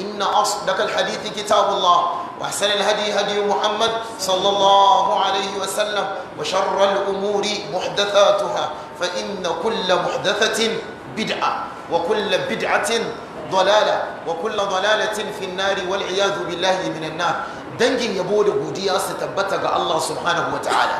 إن أصدق الحديث كتاب الله وأحسن الهدي هدي محمد صلى الله عليه وسلم وشر الأمور محدثاتها فإن كل محدثة بدعة وكل بدعة ضلالة وكل ضلالة في النار والعياذ بالله من النار dangin yabo da godiya su tabbata ga Allah subhana wa ta'ala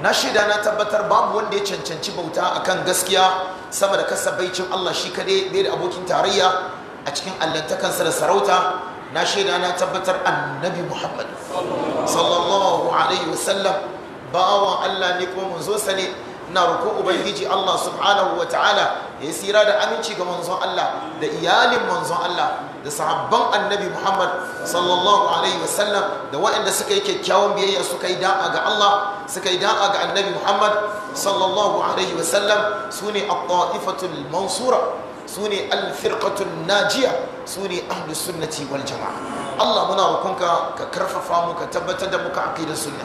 na shida na tabbatar babu wanda ya cancanci bauta akan gaskiya sama da kasabaicin Allah shi kaɗai bai da abokin tarayya a cikin allantakansa da sarauta na shaida na tabbatar annabi muhammad sallallahu alaihi wasallam bawan allah ne kuma manzo sa ne na roƙo ubangiji allah subhanahu wa ta'ala ya sira da aminci ga manzon allah da iyalin manzon allah da sahabban annabi muhammad sallallahu alaihi wasallam da waɗanda suka yi kyakkyawan biyayya suka yi da'a ga allah suka yi da'a ga annabi muhammad sallallahu alaihi wasallam su ne a mansura su ne alfirkatun najiya su ne ahlu sunnati wal jama'a Allah muna hukunka ka karfafa mu ka tabbatar da muka aqidar sunna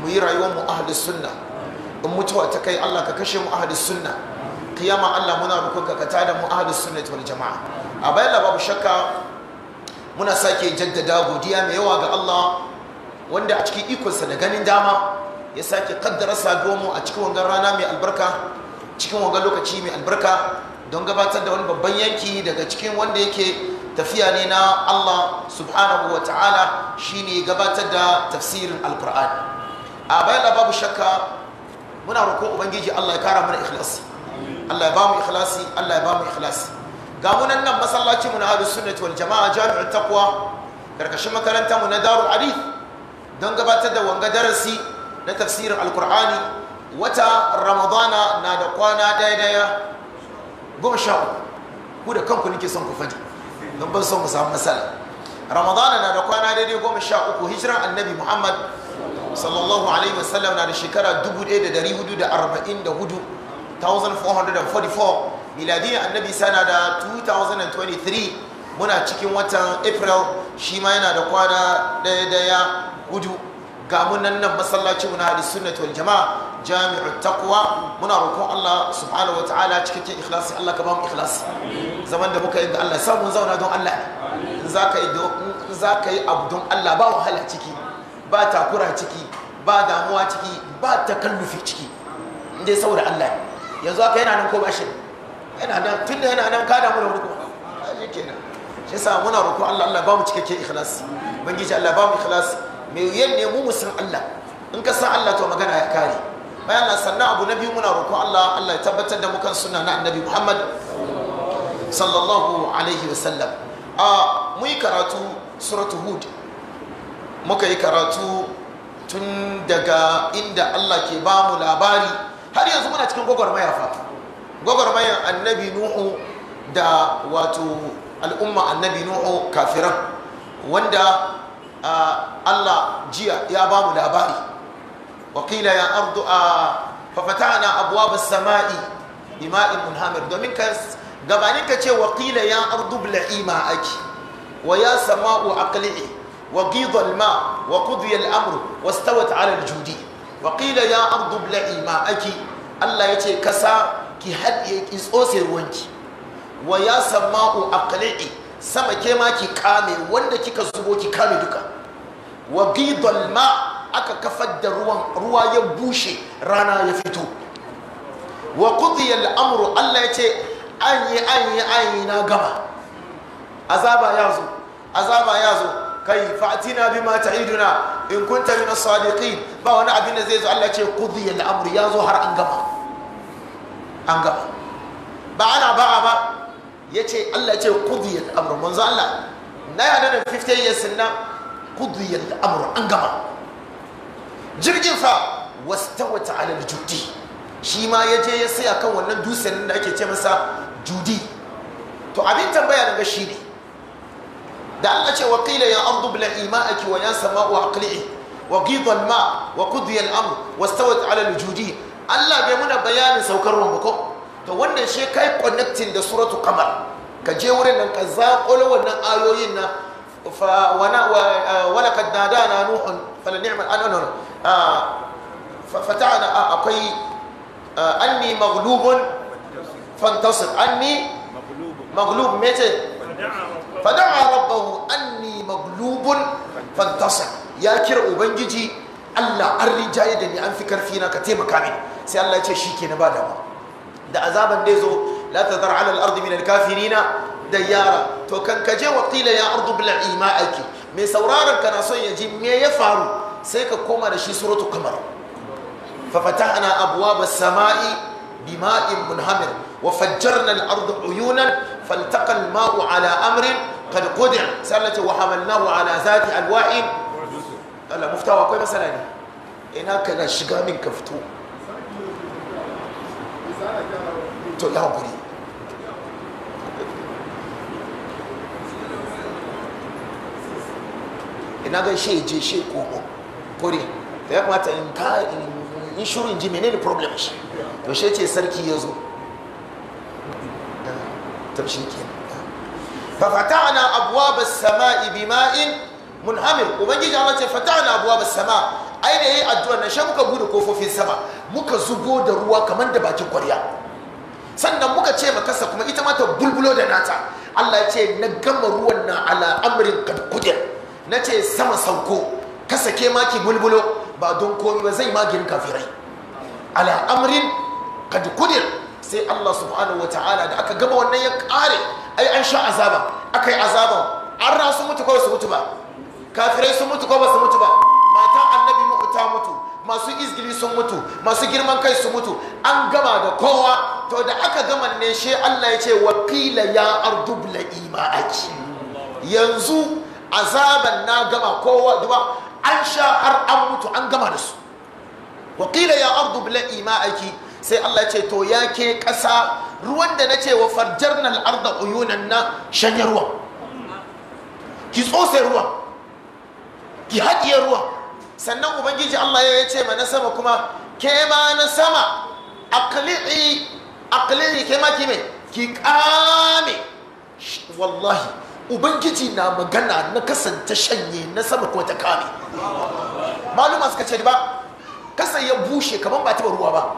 mu yi rayuwar mu ahlu sunna in mutuwa ta kai Allah ka kashe mu ahlu sunna kiyama Allah muna hukunka ka tada mu ahlu sunnati wal jama'a a bayan babu shakka muna sake jaddada godiya mai yawa ga Allah wanda a cikin ikonsa da ganin dama ya sake kaddara sa mu a cikin wangan rana mai albarka cikin wangan lokaci mai albarka don gabatar da wani babban yanki daga cikin wanda yake tafiya ne na Allah subhanahu wa ta'ala shi shine gabatar da tafsirin alkur'ani a bayan babu shakka muna roƙon ubangiji Allah ya kara mana ikhlasi Allah ya bamu ikhlasi Allah ya bamu ikhlasi ga munan nan masallaci mu na ahlus sunnah wal jamaa jami'ut taqwa karkashin makarantar mu na darul hadith don gabatar da wanga darasi na tafsirin alkur'ani wata ramadana na da kwana daya daya goma sha uku ku da kanku nake son ku faɗi don ban son mu samu matsala ramadana na da kwana daidai goma sha uku hijiran annabi muhammad sallallahu alaihi wasallam na da shekara 1444 1444 miladiyar annabi sana da 2023 muna cikin watan april shi ma yana da kwana daya daya hudu ga munan nan masallaci muna hadis sunnat jama'a jami'u takwa, muna roƙon Allah subhanahu wataala cikakken ikhlasi Allah ka ba mu ikhlasi zaman da muka yi da Allah sai mun zauna don Allah in zaka yi in zaka yi abu don Allah ba wahala ciki ba takura ciki ba damuwa ciki ba takallufi ciki in dai saboda Allah yanzu haka yana nan ko ba yana nan tunda yana nan ka damu da wani kuma ah, shi kenan shi yasa muna roƙon Allah Allah ba mu cikakken ikhlasi ubangiji Allah ba mu ikhlasi me yanne mu musan Allah in ka san Allah to magana ya kare bayan nan sannan abu na biyu muna roƙon Allah Allah ya tabbatar da mukan suna na annabi Muhammad sallallahu alaihi wa sallam. a mu yi karatu suratu hud muka yi karatu tun daga inda Allah ke ba mu labari har yanzu muna cikin gwagwarmaya fa gwagwarmayan annabi nuhu da wato al'umma annabi nuhu kafiran wanda Allah jiya ya ba mu labari وقيل يا أرض ففتحنا أبواب السماء بماء منهمر دومين كاس ya ardu wa ya sama'u aqli'i judi wa Allah yace kasa ki hadiye ki tsose ruwanki wa sama ke kame wanda kika ki duka aka kafar da ruwan ruwa ya bushe rana ya fito wa qudiya al'amru Allah ya ce an yi an yi an yi na gama azaba ya zo azaba ya zo kai fa'tina bima ta'iduna in kunta min as-sadiqin ba wani abin da zai zo Allah ya ce qudiya al'amru ya zo har an gama an gama ba ana ba ba yace Allah ya ce qudiya al'amru manzo Allah na yana da 50 years na qudiya al'amru an gama jirgin sa wata alal judi shi ma ya je ya saya kan wannan dutsen da ake ce masa judi to abin tambaya daga shi ne da an ce wa kila ya ardu bila ima wa ya sama'u aqli'i wa ghidha ma wa qudiya al wasu ta wata alal judi Allah bai muna bayanin saukar ruwan ko to wannan shi kai connecting da suratu kamar. ka je wurin nan ka zaƙulo wannan ayoyin na. ولقد نادانا نوح فلنعم أن فتعنا أقي أني مغلوب فانتصر أني مغلوب متى فدعا ربه أني مغلوب فانتصر يا كر أبنجي الله أرجع يدني أن فكر فينا كتيمة كامل سي الله يتشيكي نبادا da azaban da zo la tazar ala al-ardi min al-kafirina dayyara to kan ka je wakila ya ardu bil ima'aki mai sauraron kana son ya ji me ya faru sai ka koma da shi suratu kamar fa fatahna abwaba samai bima'in munhamir wa fajjarna al-ardu uyunan فالتقى الماء على امر قد قدر سالت وحملناه على ذات الواح الله مفتوى akwai masala ne ina kana shiga min ka fito to ya hakuri ina ga shi je shi koko kore da ya kamata in ka in shuru in ji menene problem shi to shi ce sarki ya zo ta shi ke fa fata'na abwab as-sama'i bima'in munhamir ubangiji Allah ce fata'na abwab as-sama' ai da yayi addu'a na sha muka bude kofofin sama muka zubo da ruwa kamar da bakin kwarya sannan muka ce makasa kuma ita ma ta bulbulo da nata Allah ya ce na gama ruwan na ala amrin kad kudir na ce sama sauko ka sake maki bulbulo ba don komi ba zai magirin kafirai ala amrin kad kudir sai Allah subhanahu wa ta'ala da aka gama wannan ya kare ai an sha azaba aka yi azaba an ra su mutu ko su mutu ba kafirai sun mutu ko ba su mutu ba Mata annabi mu'uta mutu masu izgili sun mutu masu girman kai sun mutu an gama da kowa to da aka gama ne shi Allah ya ce wa qila ya ardu bla ima'aki yanzu azaban na gama kowa duba an sha har an mutu an gama da su wakila ya ardu ima aiki. sai Allah ce to ya ke ƙasa ruwan da na ce wa farjar na al'arda uyunan na shanye ruwan ki tsose ruwan ki haɗiye ruwa. sannan ubangiji Allah ya ce ma na sama kuma ke ma na sama aqli'i aqli'i ke ma ki me ki kame. wallahi ubangiji na magana na kasanta shanye na sama kuma ta kame maluma suka ce ba kasan ya bushe kamar ba taba ruwa ba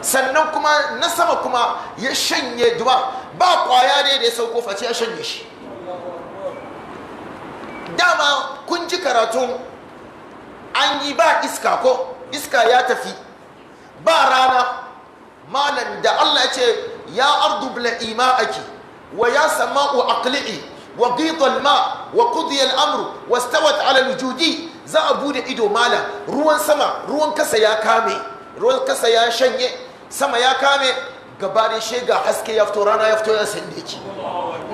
sannan kuma na sama kuma ya shanye duba ba kwaya ne da ya sauko face ya shanye shi dama kun ji karatun an yi ba iska ko iska ya tafi ba rana malam da allah ya ce ya ardu bila ima ake ويا سماء أقلعي وغيض الماء وقضي الأمر واستوت على الوجود za a bude ido mala ruwan sama ruwan kasa ya kame ruwan kasa ya shanye sama ya kame gaba da shi ga haske ya fito rana ya fito ya sande ki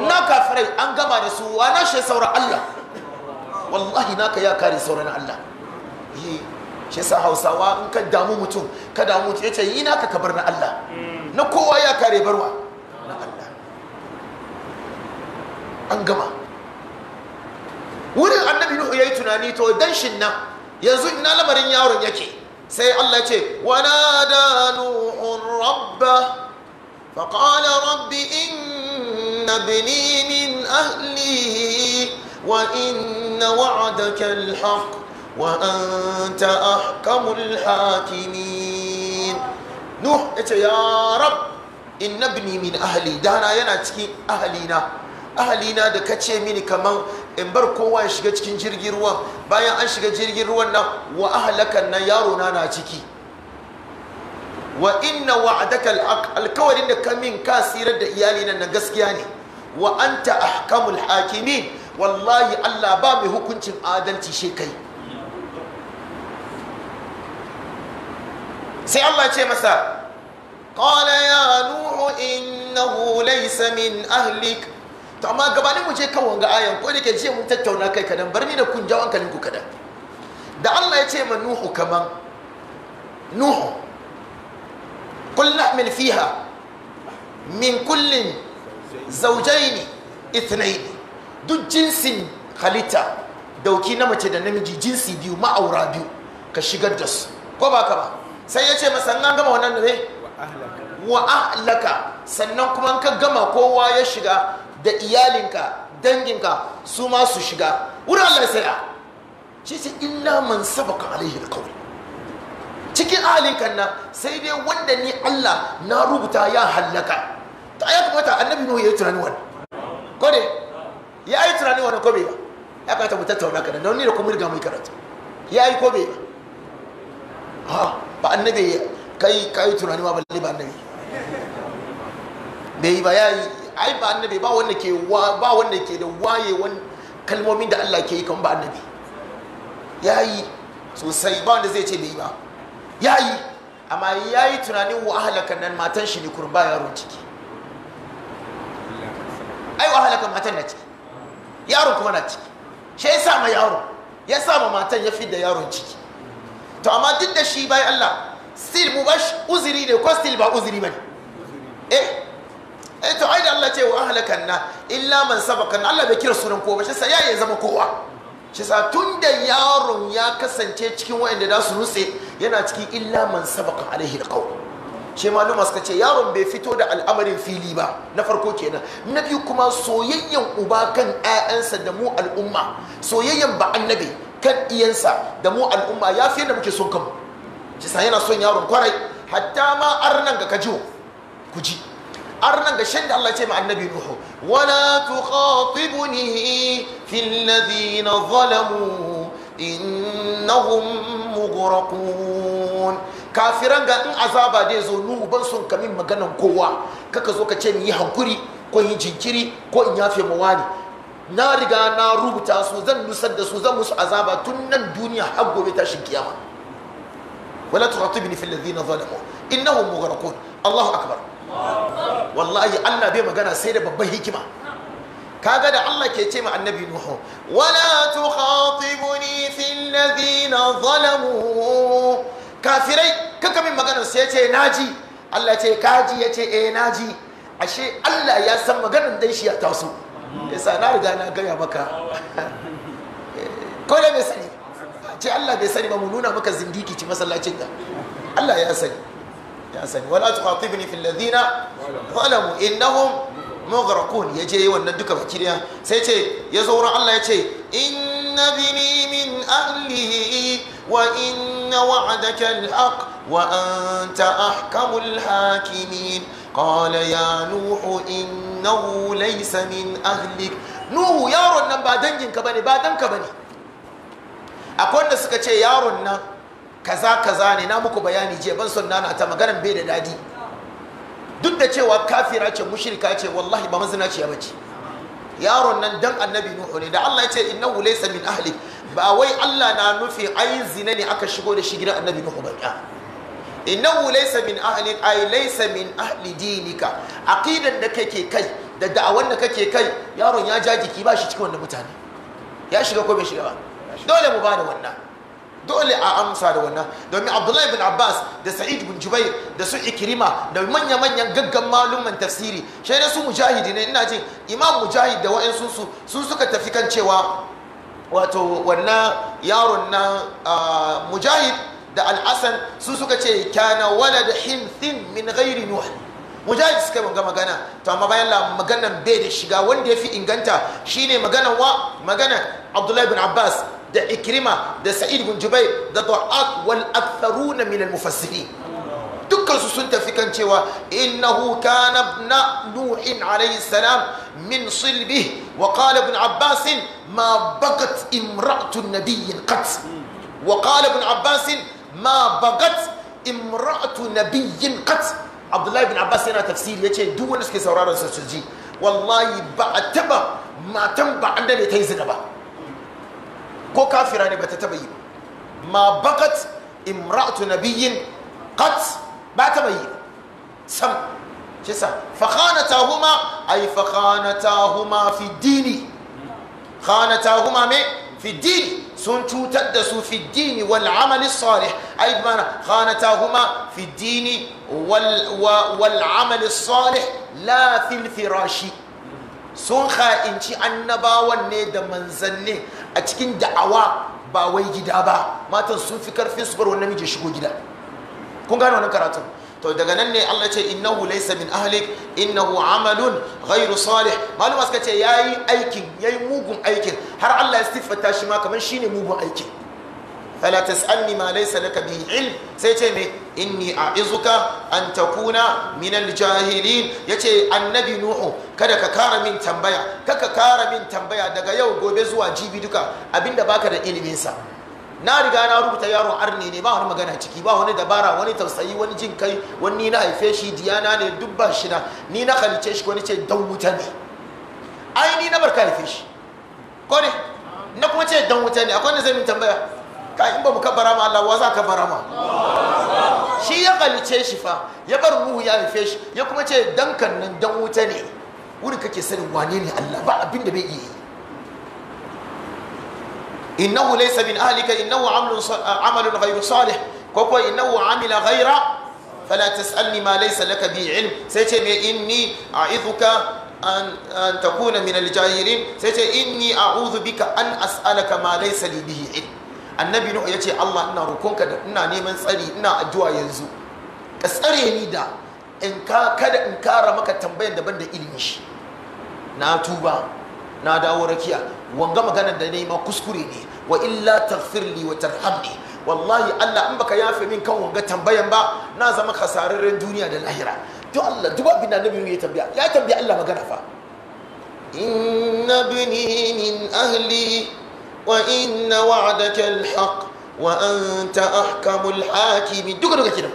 na kafirai an gama da su wa na shi saura Allah wallahi naka ya kare sauran Allah yi shi sa Hausawa in ka damu mutum ka damu mutum yace yi naka ka bar na Allah na kowa ya kare barwa an gama wurin annabi nuhu yayi tunani to dan shin nan yanzu ina lamarin yaron yake sai Allah ce wa nada nuhun rabba fa qala rabbi inna bani min ahli wa inna wa'daka al wa anta ahkamul hakimin nuh yace ya rab inna bani min ahli dana yana cikin ahlina ahalina da ka ce mini kaman in bar kowa ya shiga cikin jirgin ruwan bayan an shiga jirgin ruwan nan wa ahalakan nan yaro na na ciki wa inna wa'adaka alkawarin da ka min ka sirar da iyali na gaskiya ne wa anta ahkamul hakimin wallahi Allah ba mai hukuncin adalci shi kai sai Allah ce masa قال يا نوح إنه ليس من أهلك to amma gabanin mu je kan wanga ayan ko da ke ce mun tattauna kai kadan bar ni da kun jawan kalin ku kadan da Allah ya ce ma Nuhu kaman Nuhu qul nahmil fiha min kullin zawjayn ithnayn duk jinsin halitta dauki na mace da namiji jinsi biyu ma'aura biyu ka shigar da su ko ba ka ba sai ya ce masa an gama wannan ne wa ahlaka sannan kuma ka gama kowa ya shiga da iyalinka danginka su ma su shiga wurin Allah ya saya shi sai illa man sabaka alaihi alqawl cikin ahalinkan nan sai dai wanda ni Allah na rubuta ya hallaka ta ayat kamata annabi n'o ya yi tunani wani ko ne ya yi tunani wani ko bai ba ya kamata mu tattauna ka da ni da kuma riga mai karatu ya yi ko bai ba ha ba annabi kai kai tunani ma balle ba annabi bai ba ya yi ai ba annabi ba wanda ke ba wanda ke da wayewan kalmomin da Allah ke yi kan ba annabi yayi sosai ba wanda zai ce bai ba yayi amma yayi tunanin wa ahlaka nan matan shi ne kurba yaron ciki ai wa ahlaka matan na ciki yaron kuma na ciki shi ya sa ma yaron ya sa ma matan ya fi da yaron ciki to amma duk da shi bai Allah still mu bashi uzuri ne ko still ba uzuri bane eh eh to ai da Allah ce wa ahlakan na illa man sabaka Allah bai kira sunan kowa ba shi sai ya zama kowa shi sa tunda yaron ya kasance cikin waɗanda da su nutse yana cikin illa man sabaka alaihi alqaw shi maluma suka ce yaron bai fito da al'amarin fili ba na farko kenan na biyu kuma soyayyen uba kan 'ya'yansa da mu al'umma soyayyen ba annabi kan iyansa da mu al'umma ya fi yadda muke son kanmu shi sa yana son yaron kwarai hatta ma arnan ga kajiwo ku ji arnan ga shan da Allah ce ma annabi Nuhu wala tuqatibuni fil ladina zalamu innahum mughraqun kafiran ga in azaba dai zo Nuhu ban son min maganan kowa kaka zo ka ce ni hankuri ko yi jinkiri ko in yafe mawani na riga na rubuta su zan nusar da su zan musu azaba tun nan duniya har gobe tashin kiyama wala tuqatibni fil ladina zalamu innahum mughraqun Allahu akbar wallahi Allah bai magana sai da babban hikima kaga da Allah ke ce ma annabi Nuhu wala tukhatibuni fil ladina zalamu kafirai kaka min magana sai ce naji Allah ce kaji ya ce eh naji ashe Allah ya san maganar dai shi ya taso yasa na riga na gaya maka ko da bai sani ce Allah bai sani ba mu nuna maka zindiki ci masallacin da Allah ya sani ya sani wala tuqatibni fil ladina zalamu innahum mughraqun yaje wannan duka bakiriya sai ce yazo wurin Allah yace inna bini min ahlihi wa inna wa'daka alhaq wa anta ahkamul hakimin qala ya nuh innahu laysa min ahlik nuh yaron nan ba danginka bane ba danka bane akwai wanda suka ce yaron nan kaza kaza ne na muku bayani je ban son na ta maganar bai da dadi duk da cewa kafira ce mushrika ce wallahi ba mazina ce bace yaron nan dan annabi nuhu ne da Allah ya ce innahu laysa min ahli ba wai Allah na nufi ayin zina ne aka shigo da shi gidan annabi nuhu ba innahu laysa min ahli ay laysa min ahli dinika aqidan da kake kai da da'awan da kake kai yaron ya ja jiki ba shi cikin wannan mutane ya shiga ko bai shiga ba dole mu ba da wannan dole a amsa da wannan domin abdullahi bin abbas da sa'id bin jubair da su ikirima da manya-manyan gaggan malumman tafsiri shai su mujahidi ne ina jin imam mujahid da wa'ansu su sun suka tafi kan cewa wato wannan yaron na mujahid da al'asan sun suka ce kana wala da hinthin min gairi nuwa mujahid suka banga magana to amma bayan la maganan bai da shiga wanda ya fi inganta shine maganan wa maganan abdullahi bin abbas da ikrima da sa'id bin jubair da du'at wal aktharuna min al mufassirin dukkan su sun tafi kan cewa innahu kana ibn nuhin alayhi salam min silbi wa qala ibn abbas ma bagat imra'atu nabiy qat wa qala ibn abbas ma bagat imra'atu nabiy qat abdullahi bin abbas yana tafsiri ya ce duk wanda suke sauraron su ji wallahi ba a taba matan ba an da ta yi zina ba كو كافراني بتتبعي ما بقت امرأة نبي قد بتتبعي سم شسا فخانتاهما أي فخانتاهما في الدين خانتاهما مي في الدين سنتو تدسو في الدين والعمل الصالح أي بمعنى خانتاهما في الدين وال والعمل الصالح لا في الفراش سنخا انتي أنبا ونيد منزنه a cikin da'awa ba wai gida ba matan sun fi karfin su bar wani namiji shigo gida kun gane wannan karatun to daga nan ne Allah ce innahu laysa min ahlik innahu amalun ghairu salih maluma suka ce yayi aikin yayi mugun aikin har Allah ya siffata shi ma kaman shine mugun aikin fala an nima laysa laka bihi ilm sai ce me a izuka, an takuna min al-jahilin yace annabi nuhu kada ka kara min tambaya kaka kara min tambaya daga yau gobe zuwa jibi duka abinda baka da ilimin na riga na rubuta yaron arne ne ba wani magana ciki ba wani dabara wani tausayi wani jin kai wani na haife shi diyana ne dubban ba shi na ni na halice shi wani ce dan wuta ne ai ni na barka haife shi ko ne na kuma ce dan wuta ne akwai wanda zai min tambaya ka in ba mu kabbara ma Allah wa za ka bara shi ya halice shi fa ya bar ruhu ya haife shi ya kuma ce dankan nan dan wuta ne wurin kake sanin wane ne Allah ba abin da bai iya yi innahu laysa min ahlika innahu amalun amalun ghayru salih ko ko innahu amila ghayra fala tasalni ma laysa laka bi ilm sai ce me inni a'idhuka an an takuna min al-jahilin sai ce inni a'udhu bika an as'alaka ma laysa li bihi ilm annabi nuhu ya ce allah ina rokonka da ina neman tsari ina addu'a yanzu ka tsare ni da in kada in kara maka tambayan daban da ilimi. shi na tuba na dawo rakiya wanga maganar da nema kuskure ne wa illa taghfirli wa tarhamni wallahi allah in baka yafe min kan wanga tambayan ba na zama kasararren duniya da lahira to allah duba bin annabi ya tambaya ya tambaya allah magana fa inna bini min ahli وإن وعدك الحق وأنت أحكم الحاكمين دوكا دوكا كده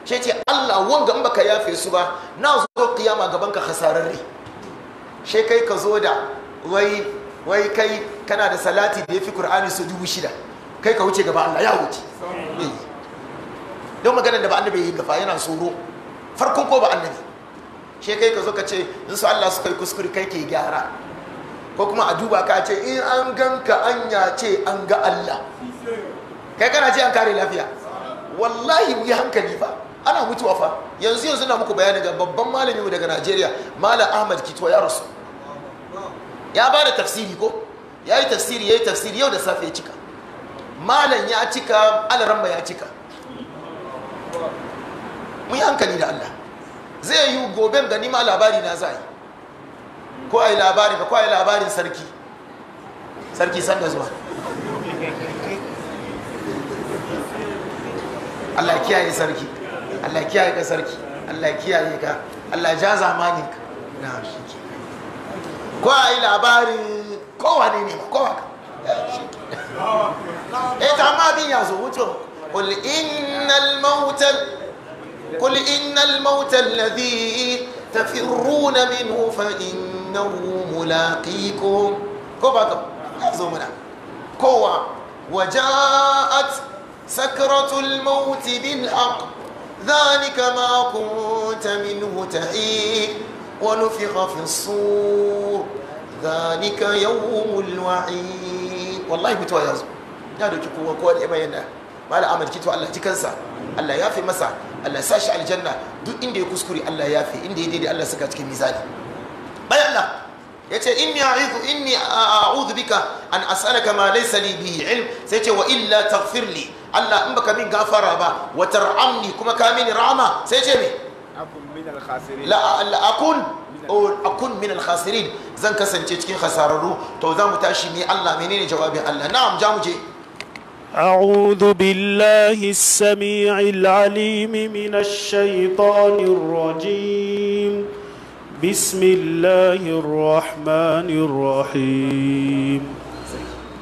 shi ce Allah wanga in baka yafe su ba na zo kiyama gaban ka hasararre shi ka zo da wai kai kana da salati da yafi Qur'ani su dubu shida kai ka wuce gaba Allah ya wuce don maganar da ba annabi yi gafa yana tsoro farkon ko ba ka zo ka ce in su Allah suka yi kuskure kai ke gyara ko kuma a duba ka ce in an ganka anya ce an ga Allah kai kana ce an kare lafiya wallahi mu yi hankali fa ana mutuwa fa yanzu yanzu na muku bayani ga babban malami daga Najeriya Malam Ahmad Kitwa ya rasu ya ba da tafsiri ko ya yi tafsiri ya yi tafsiri yau da safe ya cika malam ya cika alaramba ya cika mu yi hankali da Allah zai yi goben gani ma labari na za yi ko a yi labari ko a yi labarin sarki sarki sanda zuwa Allah kiyaye sarki Allah kiyaye ka sarki Allah kiyaye ka Allah ja zamanin ka na shi ko a yi labarin kowa ne ne kowa ka eh ta ma bin yazo wuce قل إن الموت قل إن الموت الذي تفرون منه فإن innahu mulaqikum ko ba ka ya zo mana kowa waja'at sakratul maut bil haqq dhalika ma kunta minhu tahid wa nufikha fi sur dhalika yawmul wa'id wallahi mutuwa ya zo ya doki kowa kowa da bayyana mala amal kito Allah cikansa Allah ya fi masa Allah sashi aljanna duk inda ya kuskure Allah ya fi inda ya daidai Allah saka cikin mizani bayan Allah ya ce in ya izu inni bika an as'alaka ma laysa li bi ilm sai ce wa illa taghfir li Allah in baka min gafara ba wata ra'amni kuma ka mini rahama sai ce me akun min la akun zan kasance cikin hasararru to za mu tashi mi Allah menene jawabin Allah na'am ja mu je أعوذ بالله السميع العليم من الشيطان الرجيم بسم الله الرحمن الرحيم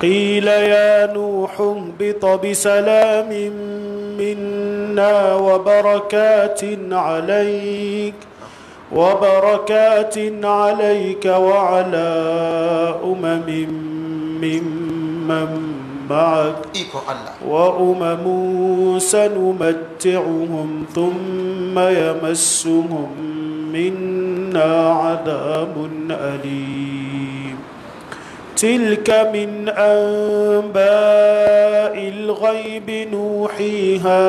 قيل يا نوح اهبط بسلام منا وبركات عليك وبركات عليك وعلى أمم ممن معك وأمم سنمتعهم ثم يمسهم منا عذاب أليم تلك من أنباء الغيب نوحيها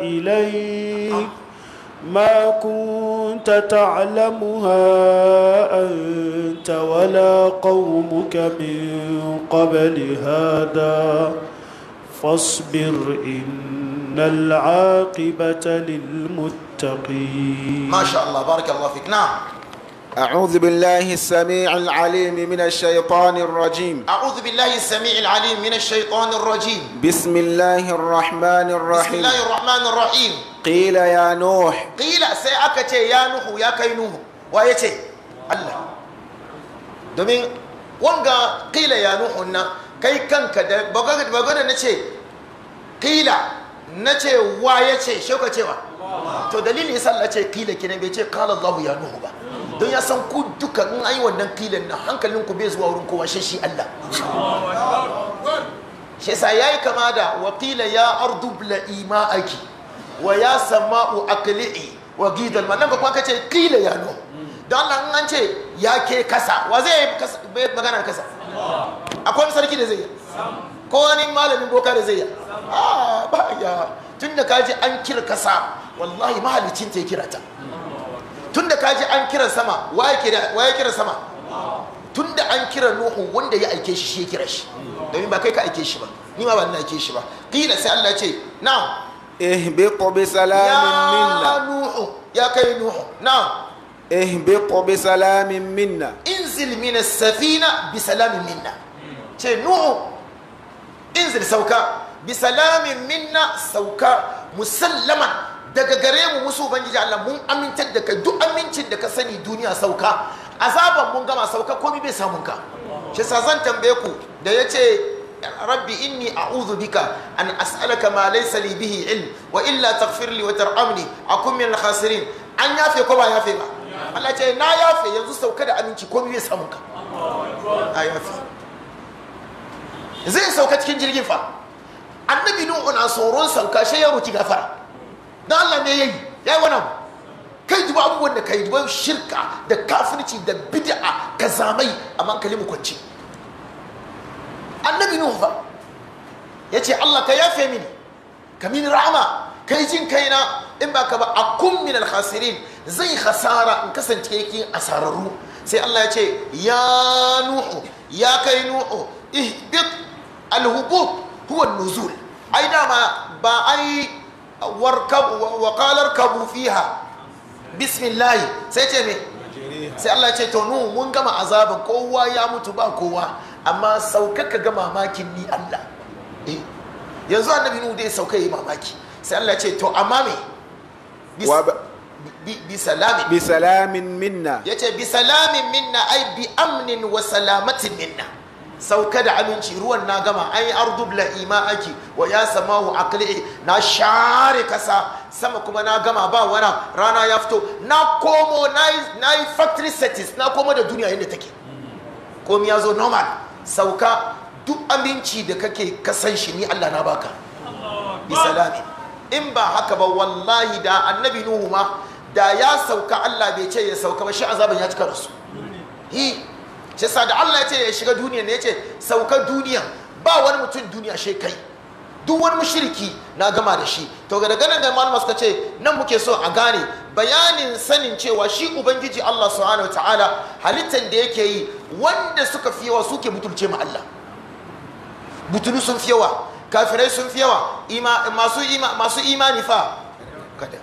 إليك ما كنت تعلمها أنت ولا قومك من قبل هذا فاصبر إن إن العاقبة للمتقين ما شاء الله بارك الله فيك نعم أعوذ بالله السميع العليم من الشيطان الرجيم أعوذ بالله السميع العليم من الشيطان الرجيم بسم الله الرحمن الرحيم بسم الله الرحمن الرحيم قيل يا نوح قيل سيأكتي يا نوح يا كينوح ويتي الله دومين وانغا قيل يا نوح كي كانك بغانا نتي قيل na ce wa ya ce shauka cewa to dalilin yasa Allah ce kila kinan bai ce kala Allahu ya nuhu ba don ya san ku duka in an wannan kilan na hankalin ku bai zuwa wurin kowa shi Allah shi ya yayi kama da wa kila ya ardu bla'i ma'aki wa ya sama'u aqli'i wa gidal ma nan ga kuma ce kila ya nuhu don Allah in an ce ya ke kasa wa zai magana kasa akwai sarki da zai yi ko wani malamin boka da zai yi a ah, ba ya tun da kaji an kira kasa wallahi mahalicin ta kira ta tun da kaji an kira sama wa ya kira sama tun da an kira nuhu wanda ya aike shi shi ya kira shi domin ba kai ka aike shi ba ni ma ba na aike shi ba kila sai Allah ce na ko bi salamin minna ya nuhu ya kai nuhu na ko bi salamin minna inzil min as-safina bi salamin minna ce nuhu inzil sauka bi minna sauka musallama daga gare mu musu ubangiji Allah mun amintar da kai duk amincin da ka sani duniya sauka azaban mun gama sauka komai bai samun ka shi sa zan tambaye ku da yace rabbi inni a'udhu bika an as'alaka ma laysa li bihi ilm wa illa taghfir li wa tarhamni akun min al-khasirin an yafe ko ba yafe ba Allah ce na yafe yanzu sauka da aminci komai bai samun ka a yafe zai sauka cikin jirgin fa annabi nuhu na tsoron sauka sai ya roki gafara dan Allah ne yayi yayi wannan kai duba abubuwan da kai duba shirka da kafirci da bid'a ka zamai amma kalimu kwanci annabi nuhu fa yace Allah ka yafe mini ka mini rahama kai jin kaina in ba ka ba a kun min zai hasara in kasance yake asararru sai Allah ya ce ya nuhu ya kai nuhu ihdit alhubut huwa nuzul ai dama ba ai wa qalar kabu fiha bismillah sai ce me sai Allah ce to nu mun gama azabin kowa ya mutu ba kowa amma saukaka ga mamakin ni Allah yanzu annabi nu dai sauka yi mamaki sai Allah ce to amma me bisalamin bisalamin minna yace bisalamin minna ai bi amnin wa salamatin minna sauka da aminci ruwan na gama ai ardubla ima ake wa ya samahu aqli'i na share kasa sama kuma na gama ba wana rana ya fito na komo na yi factory settings na komo da duniya yadda take komi ya zo normal sauka duk aminci da kake kasan shi ni Allah na baka bi salami in ba haka ba wallahi da annabi nuhu ma da ya sauka Allah bai ce ya sauka ba shi azaban ya cika rasu hi shi sa da Allah ya ce ya shiga duniya ne ya ce saukar duniya ba wani mutum duniya shi kai duk wani mushriki na gama da shi to ga daga nan da malama suka ce nan muke so a gane bayanin sanin cewa shi ubangiji Allah subhanahu ta'ala halittar da yake yi wanda suka fi yawa suke butulce ma Allah butulu sun fi yawa kafirai sun fi yawa masu masu imani fa kada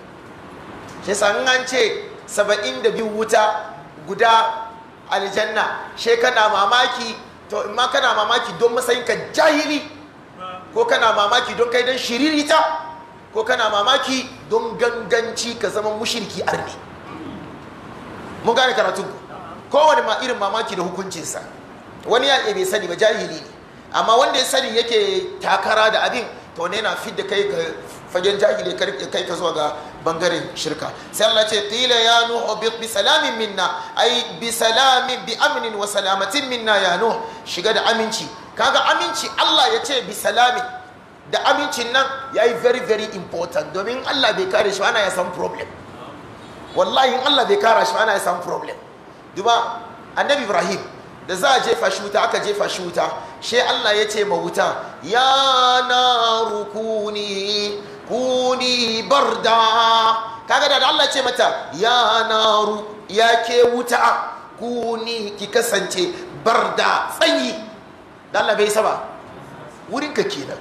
shi an ce 72 wuta guda aljanna she kana mamaki to in ma kana mamaki don matsayin ka jahili ko kana mamaki don kai dan shiririta ko kana mamaki don ganganci ka zama mushirki arni mun gane karatun ku kowane ma irin mamaki da hukuncinsa wani ya bai sani ba jahili ne amma wanda ya sani yake takara da abin to ne na fidda kai ga fagen jahili ya kai ka zuwa ga bangaren shirka sai Allah ce qila ya nuhu bi salamin minna ai bi salamin bi amnin wa salamatin minna ya nuhu shiga da aminci kaga aminci Allah ya ce bi salamin da amincin nan yayi very very important domin Allah bai kare shi ana ya san problem wallahi Allah bai kara shi ana ya san problem duba annabi Ibrahim da za a jefa shi wuta aka jefa shi wuta she Allah ya ce ma wuta ya na rukuni kuni barda kaga da Allah ce mata ya naru ya ke wuta kuni ki kasance barda tsanyi da Allah bai saba wurin ka kenan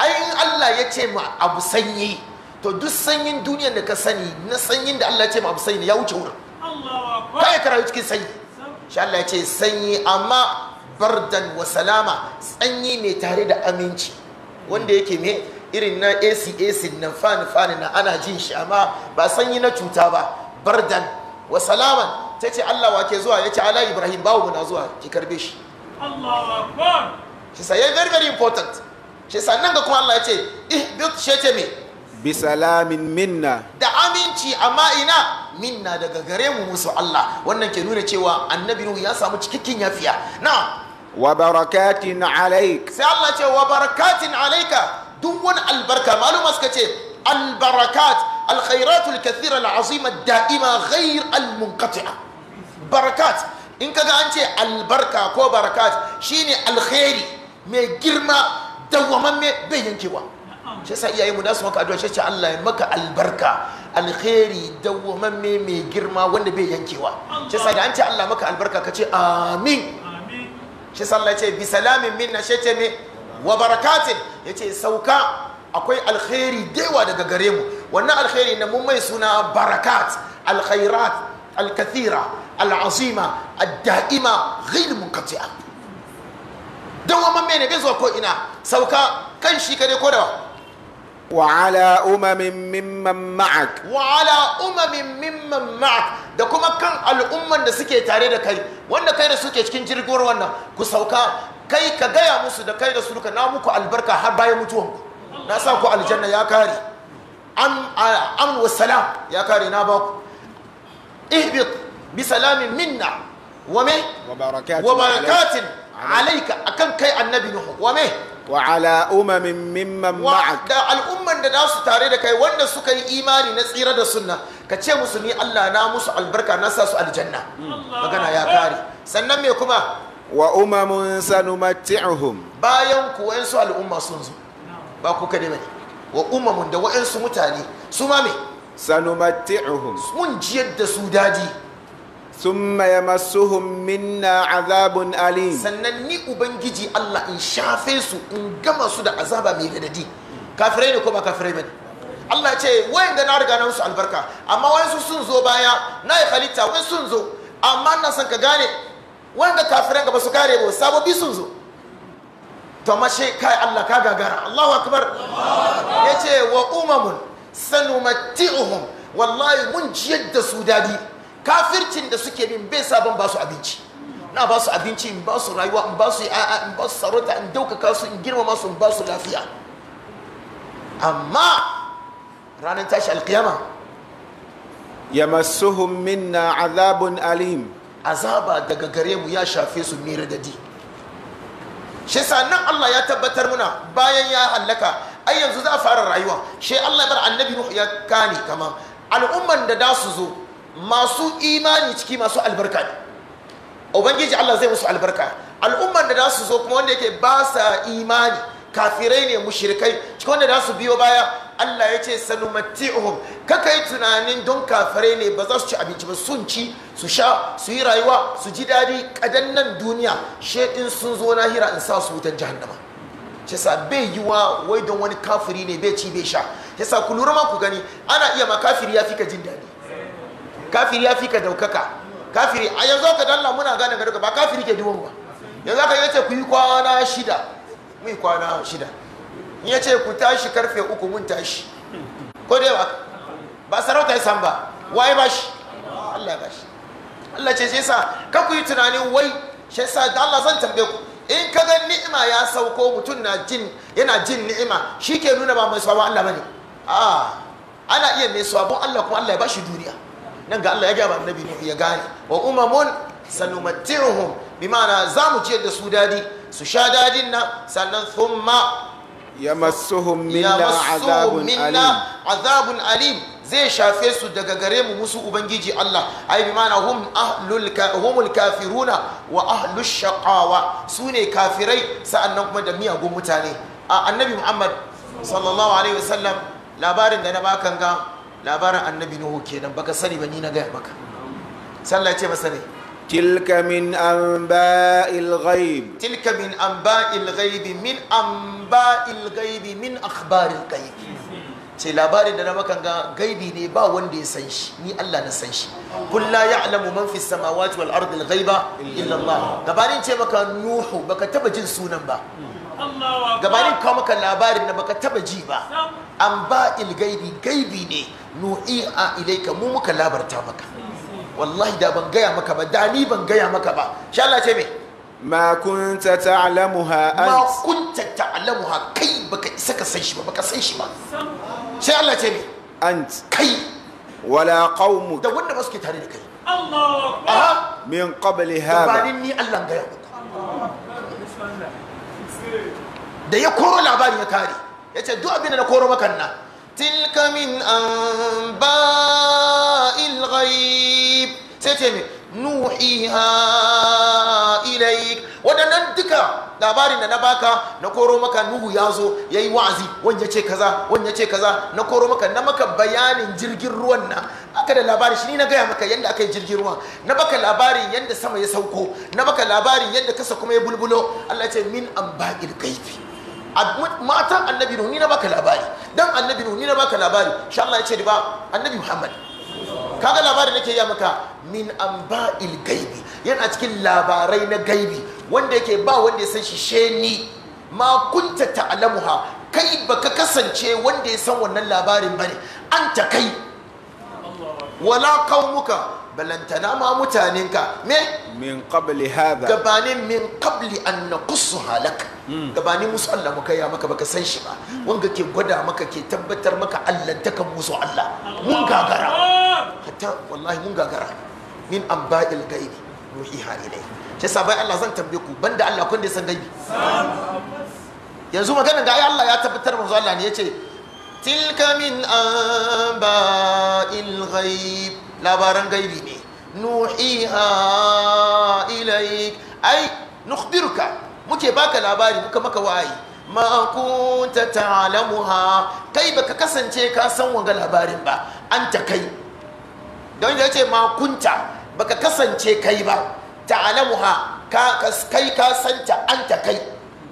ai in Allah ya ce ma abu sanyi to duk sanyin duniyar da ka sani na sanyin da Allah ya ce ma abu sanyi ya wuce wurin kai ka rayu cikin sanyi insha Allah ya ce sanyi amma bardan wa salama sanyi ne tare da aminci wanda yake me irin na AC AC nan fani fani na ana jin shi amma ba sanyi na cuta ba bardan wa salaman ta ce Allah wa ke zuwa ya ce ala Ibrahim bawo na zuwa ki karbe shi Allah akbar shi sa very very important shi sa nan ga kuma Allah ya ce ih duk shi ce me bi salamin minna da aminci amma ina minna daga gare mu musu Allah wannan ke nuna cewa annabi Nuhu ya samu cikakken yafiya na wa barakatin alaik sai Allah ce wa barakatin alaika duk wani albarka maluma suka ce albarakat alkhairatul kathira al'azima da'ima ghair almunqati'a barakat in kaga an ce albarka ko barakat shine alkhairi mai girma dawwamamme bai yankewa shi yasa iyaye mu da su maka addu'a shi Allah ya maka albarka alkhairi dawwamamme mai girma wanda bai yankewa shi yasa da an ce Allah maka albarka ka ce amin shi yasa Allah ya ce bi salamin minna shi ce ne wa barakatin ya ce sauka akwai alkhairi dewa daga gare mu wannan alkhairi na mun mai suna barakat alkhairat alkathira al'azima adda'ima ghil a don wannan mene bai zuwa ko ina sauka kan shi kare ko da umamin mimman ma'ak معك وعلى umamin ممن da kuma kan al'umman da suke tare da kai wanda kai da suke cikin jirgin wannan ku sauka kai ka gaya musu da kai da suruka na muku albarka har bayan mutuwan na sa ku aljanna ya kare an wa salam ya kare na ba ku ihbit bi salamin minna wa me wa barakatin alaika akan kai annabi nuhu wa me wa ala umamin mimman ma'ak da al'umman da nasu tare da kai wanda suka yi imani na tsira da sunna ka ce musu ni Allah na musu albarka na sa su aljanna mm. magana ya kare sannan me kuma wa umamun sanumatti'uhum bayan ku wayansu al'umma sun zo ba ku kade bane wa umamun da wayansu mutane su ma me sanumatti'uhum mun jiyar da su daji summa yamassuhum minna azabun alim sannan ni ubangiji Allah in shafe su in gama su da azaba mai gadadi kafirai ne ko ba kafirai ba Allah ce wayan da na riga na musu albarka amma wayansu sun zo baya na yi halitta wayansu sun zo amma na san ka gane wanda kafiran gaba su kare ba sabobi sun zo to mashe kai Allah ka gagara Allahu akbar yace wa umamun sanumatti'uhum wallahi mun jiyar da su dadi kafircin da suke bin bai sabon ba su abinci na ba su abinci in ba su rayuwa in ba su a'a, in ba su sarauta in daukaka su in girmama su in ba su lafiya amma ranar tashi alkiyama yamassuhum minna azabun alim azaba daga gare mu ya shafe su mira da di shi nan Allah ya tabbatar muna bayan ya hallaka ai yanzu za a fara rayuwa shi Allah bar annabi Nuhu ya kani kama al'umman da da su zo masu imani ciki masu albarka ne ubangiji Allah zai musu albarka al'umman da da su zo kuma wanda yake ba sa imani kafirai ne mushrikai cikin wanda da su biyo baya Allah ya ce sanumatti'uhum kaka yi tunanin don kafare ne ba za su ci abinci ba sun ci su sha su yi rayuwa su ji daɗi kadan nan duniya she sun zo na hira in sa su wutan jahannama ce sa bai yi wa wai don wani kafiri ne bai ci bai sha shi sa ku lura ma ku gani ana iya ma kafiri ya fi ka jin daɗi kafiri ya fi ka daukaka kafiri a yanzu ka dalla muna gane ga ba kafiri ke duwan ba yanzu ka ce ku yi kwana shida mu yi kwana shida ya ce ku tashi karfe uku mun tashi ko dai ba ba sarauta ya san ba waye ba shi Allah ba shi Allah ce shi sa ka ku yi tunanin wai shi sa da Allah zan tambaye ku in ka ga ni'ima ya sauko mutum na jin yana jin ni'ima shi ke nuna ba mai sabon Allah bane a ah, ana iya mai sabon Allah kuma Allah ya ba shi duniya nan ga Allah ya ba annabi ne ya gane wa umamun sanumatti'uhum bi ma'ana za mu ciyar da su dadi su sha dadin nan sannan thumma yamassuhum minna azabun alim azabun alim zai shafe su daga gare mu musu ubangiji Allah ai bi mana hum ahlul humul kafiruna wa ahlush shaqawa sune kafirai sa'annan kuma da miyagun mutane annabi Muhammad sallallahu alaihi wasallam labarin da na bakan ga labarin annabi Nuhu kenan baka sani ba ni na ga baka sallah ce ba sani تلك من أنباء الغيب تلك من أنباء الغيب من أنباء الغيب من أخبار الغيب sai labarin da na maka ga gaibi ne ba wanda ya san shi ni Allah na san shi kun la ya'lamu man fi samawati wal ardi al ghaiba illa Allah gabanin ce maka nuhu baka taba jin sunan ba gabanin kawo maka labarin da baka taba ji ba an ba il gaibi gaibi ne nu'i a ilaika mu muka labarta maka wallahi da ban gaya maka ba da ni ban gaya maka ba sha Allah ce me ma kunta ta'lamuha ant ma kunta ta'lamuha kai baka isa ka san shi ba baka san shi ba sai Allah ce me ant kai wala qaumuk da wanda ba ke tare da kai Allahu akbar min qabli hada ba ni Allah gaya maka da ya koro labarin ya kare yace ce duk abin da na koro maka nan تلك من أنباء الغيب سيتمي نوحيها إليك waɗannan duka labarin da na baka na koro maka nuhu ya zo ya yi wa'azi wani ya ce kaza wani ya ce kaza na koro maka na maka bayanin jirgin ruwan na aka da labarin shi ni na gaya maka yadda aka yi jirgin ruwan na baka labarin yadda sama ya sauko na baka labarin yadda kasa kuma ya bulbulo Allah ce min an ba'il gaifi matan annabi nuhu ni na baka labari dan annabi nuhu ni na baka labari insha Allah ya ce ba annabi Muhammad kaga labari nake ya maka min amba'il gaibi yana cikin labarai na gaibi wanda yake ba wanda ya san shi sheni ni ma kunta ta'lamuha kai baka kasance wanda ya san wannan labarin bane anta kai wala qaumuka balantana ma mutanenka me min qabli hadha gabanin min qabli an naqussu halak. Hmm. gabanin musu Allah muka ya maka baka san shi ba hmm. wanga ke gwada maka ke tabbatar maka Allah takan musu Allah mun gagara hatta wallahi mun gagara min abba'il gaibi nuhiha ilai shi yasa bai Allah zan tambaye ku banda Allah kun da san gaibi yanzu maganar da ai Allah ya tabbatar musu Allah ne yace tilka min anba'il ghaib labaran gaibi ne nuhiha ilaik ai nukhbiruka muke baka labari muka maka wa'ayi ma kunta ta'lamuha kai baka kasance ka san wanga labarin ba anta kai don ya ce ma kunta baka kasance kai ba ta'lamuha ka kai ka santa anta kai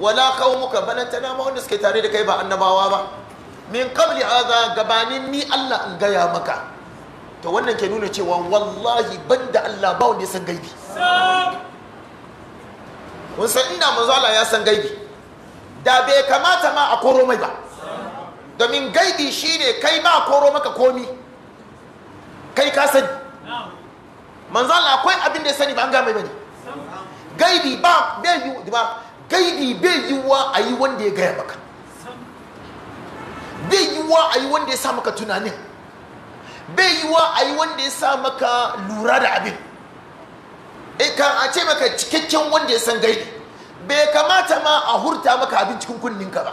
wala qaumuka balantana ma wanda suke tare da kai ba annabawa ba min qabli hadha gabanin ni Allah in gaya maka to wannan ke nuna cewa wallahi banda Allah ba wanda ya san gaibi kun san inda manzo Allah ya san gaibi da bai kamata ma a koro mai ba domin gaibi shine kai ba koro maka komi kai ka sani manzo Allah akwai abin da ya sani ba an ga mai bane gaibi ba bai yi ba gaibi bai yi wa a yi wanda ya gaya maka bai yi wa a yi wanda ya sa maka tunanin bai yi wa a yi wanda ya sa maka lura da abin eh, kan a ce maka cikakken wanda ya san gaidi bai kamata ma a hurta maka abin cikin kunninka ba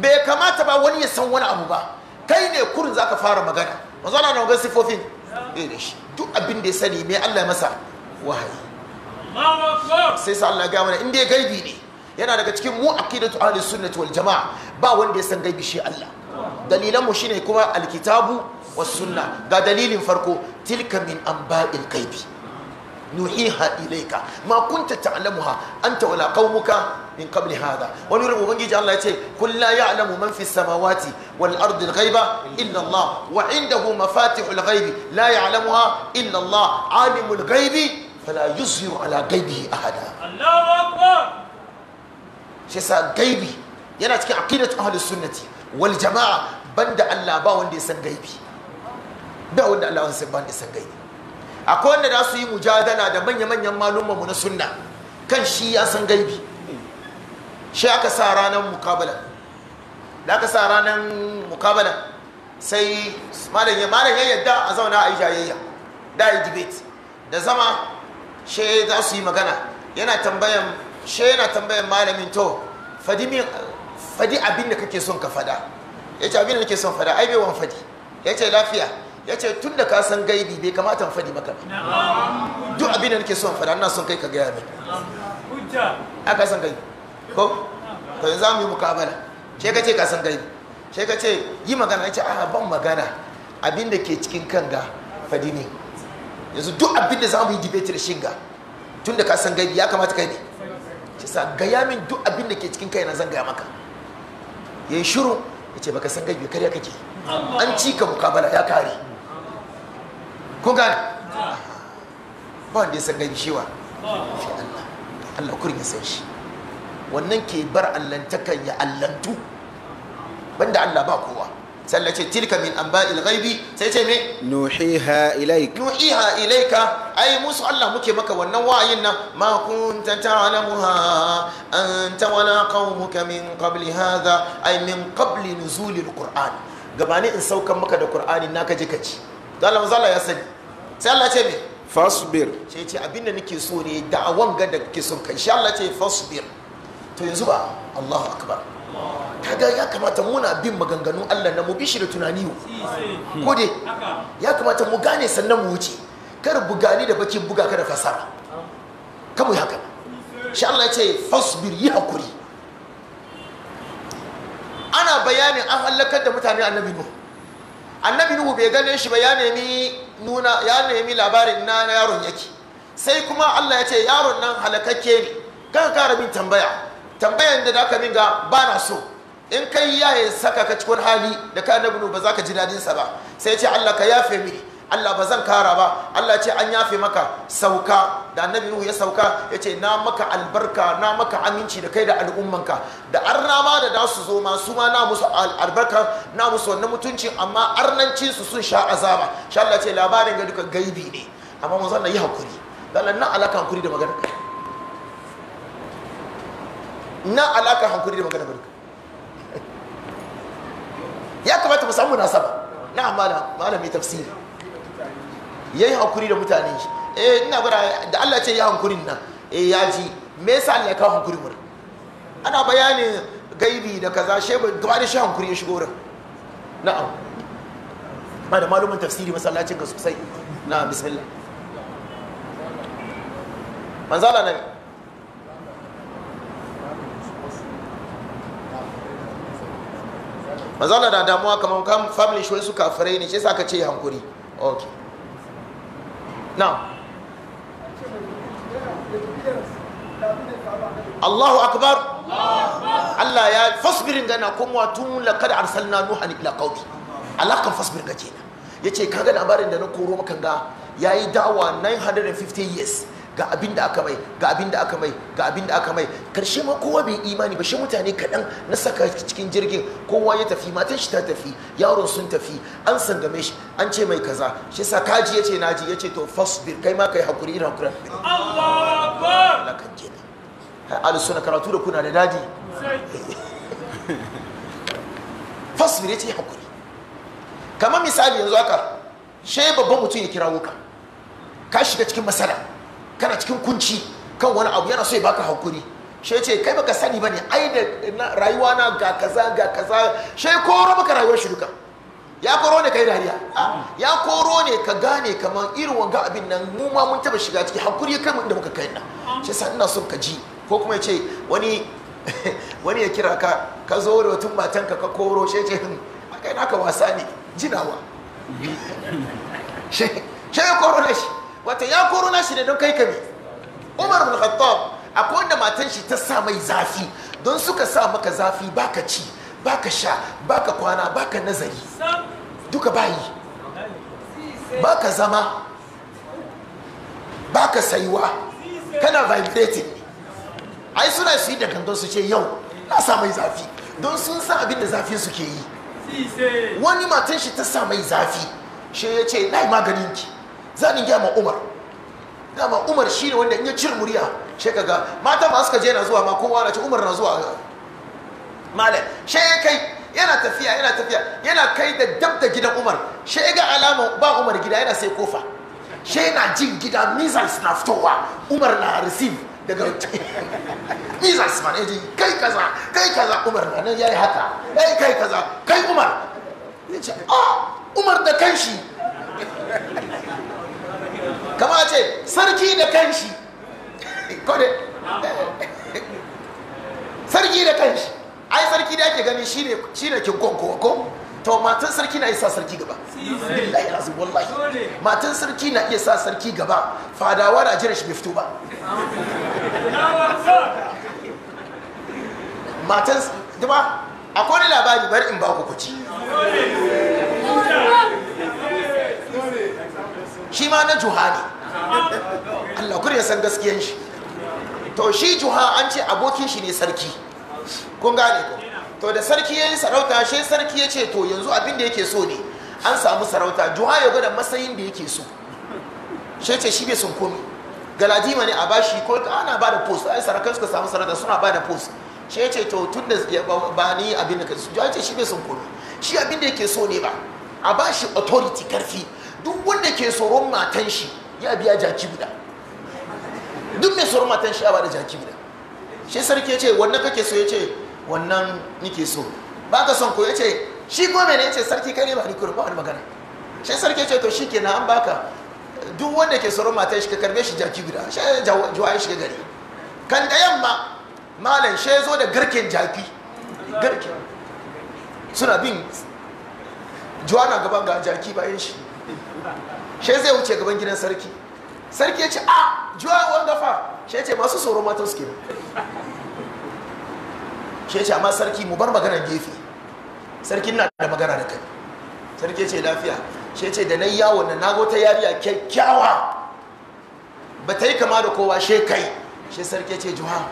bai kamata ba wani ya san wani abu ba kai ne kurin za ka fara magana mazana na nawa sifofin duk abin da ya sani mai Allah ya masa wahayi sai sa Allah ya gaya mana in dai gaibi ne yana daga cikin mu da ahli sunnati wal jamaa ba wanda ya san gaibi shi Allah dalilan mu shine kuma alkitabu wasunna ga dalilin farko tilka min anba'il ghaibi nuhiha ilaika ma kunta ta'lamuha anta wala qaumuka min qabli hada wani rubu bangiji Allah yace kul la ya'lamu man fis samawati wal ardi al ghaiba illa Allah wa indahu mafatihu al ghaibi la ya'lamuha illa Allah alimul ghaibi fala yuzhiru ala ghaibihi ahada Allahu akbar shi sa ghaibi yana cikin aqidatu ahlus sunnati wal jamaa banda Allah ba wanda ya san ghaibi ba wanda Allah sai ban isa gai akwai wanda za su yi mujadala da manya-manyan malumman mu na sunna kan shi ya san gaibi shi aka sa ranar mukabala da aka sa ranar mukabala sai malam ya malam ya yadda a zauna a yi jayayya da yi debate da zama shi za su yi magana yana tambayan shi yana tambayan malamin to fadi min fadi abin da kake son ka fada ya ce abin da kake son fada ai bai wan fadi ya ce lafiya ya ce tun da ka san gaibi bai kamata fadi maka ba duk abin da nake son fada ina son kai ka gaya min aka san gaibi ko to yanzu mu yi mukabala sai ka ce ka san gaibi sai ka ce yi magana ya ce a ban magana abin da ke cikin kan ga fadi ne yanzu duk abin da za mu yi debate da shinga tun da ka san gaibi ya kamata kai ne ce sa gaya min duk abin da ke cikin kai na zan gaya maka yi shiru ya ce baka san gaibi kariya kake an cika mukabala ya kare kun gane ba wanda ya san gan cewa shi Allah Allah kurin ya san shi wannan ke bar allantakan ya allantu banda Allah ba kowa sallace tilka min anba'il ghaibi sai ce me nuhiha ilaika nuhiha ilaika ai musu Allah muke maka wannan wayin nan ma kunta ta'lamuha anta wala qaumuka min qabli hadha ai min qabli nuzulil qur'an gabanin in saukan maka da qur'ani na kaje kaci zalla zalla ya sani sai Allah ce me fasbir sai ce abinda nake so ne da'awan ga da kake son kai sai Allah ce fasbir to yanzu ba Allahu akbar kaga ya kamata muna bin maganganun Allah na mu bi shi da tunani ko dai ya kamata mu gane sannan mu wuce kar bugani da baki buga ka da fasara kamu haka shi Allah ce fasbir yi hakuri ana bayanin an halakar da mutane annabi Nuh annabi nuhu bai gane shi ba ya nemi nuna ya nemi labarin na yaron yake sai kuma Allah ya ce yaron nan halakakke ne kan kara min tambaya tambayan da zaka min ga ba na so in kai yaye saka ka cikin hali da ka annabi nuhu ba za ka ji dadin ba sai ya ce Allah ka yafe mini Allah ba zan kara ba Allah ce an yafe maka sauka da annabi Nuhu ya sauka ya ce na maka albarka na maka aminci da kai da al'ummanka da arna ma da dasu zo ma su ma na musu albarka na musu wannan mutuncin amma arnancin su sun sha azaba sha Allah ce labarin ga duka gaibi ne amma mun zanna yi hakuri dan na alaka hakuri da magana na alaka hakuri da magana barka ya kamata mu samu nasaba na malam malami tafsiri ya yi hankuri da mutanen shi eh ina gwada da Allah ce ya hankurin nan eh ya ji me yasa ne ka hankuri mu ana bayanin gaibi da kaza shi ba da shi hankuri ya shigo wurin na'am ba da malumin tafsiri masallacin ka sosai na bismillah manzala nabi manzala da damuwa kamar kan family shi wasu kafirai ne shi yasa ka ce hankuri okay Now, Allahu akbar Allah ya fasbirin gana kuma tun laqad arsalna nuhan ila qaumi kan fasbir gaje na yace kaga labarin da na koro maka ga yayi da'awa 950 years ga abin da aka mai ga abin da aka mai ga abin da aka mai karshe ma kowa bai imani ba shi mutane kaɗan na saka cikin jirgin kowa ya tafi matan shi ta tafi yaron sun tafi an sangame shi an ce mai kaza shi sa kaji ya ce naji ya ce to fasbir kai ma kai hakuri irin hakuri Allah akbar kan je ne suna karatu da kuna da dadi fasbir ya ce hakuri kamar misali yanzu haka shi babban mutum ya kira wuka ka shiga cikin masana kana cikin kunci kan wani abu yana so ya baka hakuri shi ce kai baka sani bane ai da rayuwa na ga kaza ga kaza shi koro baka rayuwar shi duka ya koro ne kai dariya ya koro ne ka gane kamar irin wanga abin nan mu ma mun taba shiga ciki hakuri ya kai mu inda muka kai nan shi yasa ina son ka ji ko kuma ya ce wani wani ya kira ka ka zo da wata matan ka ka koro shi ce hmm, kai naka wasa ne jinawa shi shi koro ne shi Wata ya koro nashi ne don kai kame umar bin khattab akwai wanda matan shi ta sa mai zafi don suka sa maka zafi baka ci baka sha baka kwana baka nazari duka bayi baka zama baka saiwa kana vibrating ai suna su yi da kanto su ce yau na sa mai zafi don sun sa abin da zafin suke yi wani matan shi ta sa mai zafi shi ya ce na yi maganinki zanin gyama umar dama umar shi ne wanda in yi cin murya shi ga mata masu kaje na zuwa ma kowa na ci umar na zuwa malam shi ya kai yana tafiya yana tafiya yana kai da dab da gidan umar shi ya ga alama ba umar gida yana sai kofa shi yana jin gida measles na fitowa umar na receive daga measles ma ne kai kaza kai kaza umar na nan yayi haka kai kai kaza kai umar ya ce ah umar da kanshi kama ce sarki da kanshi kode sarki da kanshi ai sarki da ake gani shine kin gongo ko to matan sarki na iya sa sarki gaba billahi lazim wallahi matan sarki na iya sa sarki gaba fadawa na jira shi bai fito ba matan duba akwai labari bari in ba ku kuci shi ma na juha ne Allah kur ya san gaskiyan shi to shi juha an ce abokin shi ne sarki kun gane ko to da sarki ya yi sarauta shi sarki ya ce to yanzu abin da yake so ne an samu sarauta juha ya gwada matsayin da yake so shi ce shi bai sun komi galadima ne a bashi ko ana ba da post ai sarakan suka samu sarauta suna ba da post shi ce to tun da ba ni abin da ka so juha ya ce shi bai sun komi shi abin da yake so ne ba a bashi authority karfi duk wanda ke tsoron matan shi ya biya jaki guda duk mai tsoron matan shi ya bada jaki guda shi sarki ya ce wannan kake so ya ce wannan nike so ba ka son ko ya ce shi ko ne ya ce sarki kai ne ba ni kurba wani magana shi sarki ya ce to shi ke na an baka duk wanda ke tsoron matan shi ka karbe shi jaki guda shi jawaye shi gari kan da yamma malam shi ya zo da garken jaki garken suna bin juwana gaban ga jaki bayan shi shi zai wuce gaban gidan sarki sarki ya ce a ah, juwa wanga fa shi ya ce masu tsoro matan suke shi ce amma sarki mu bar maganar gefe sarki na da magana da kai sarki ya ce lafiya shi ya ce da na yi yawon na nago ta yariya kyakkyawa ba ta yi kama da kowa shi kai shi sarki ya ce juwa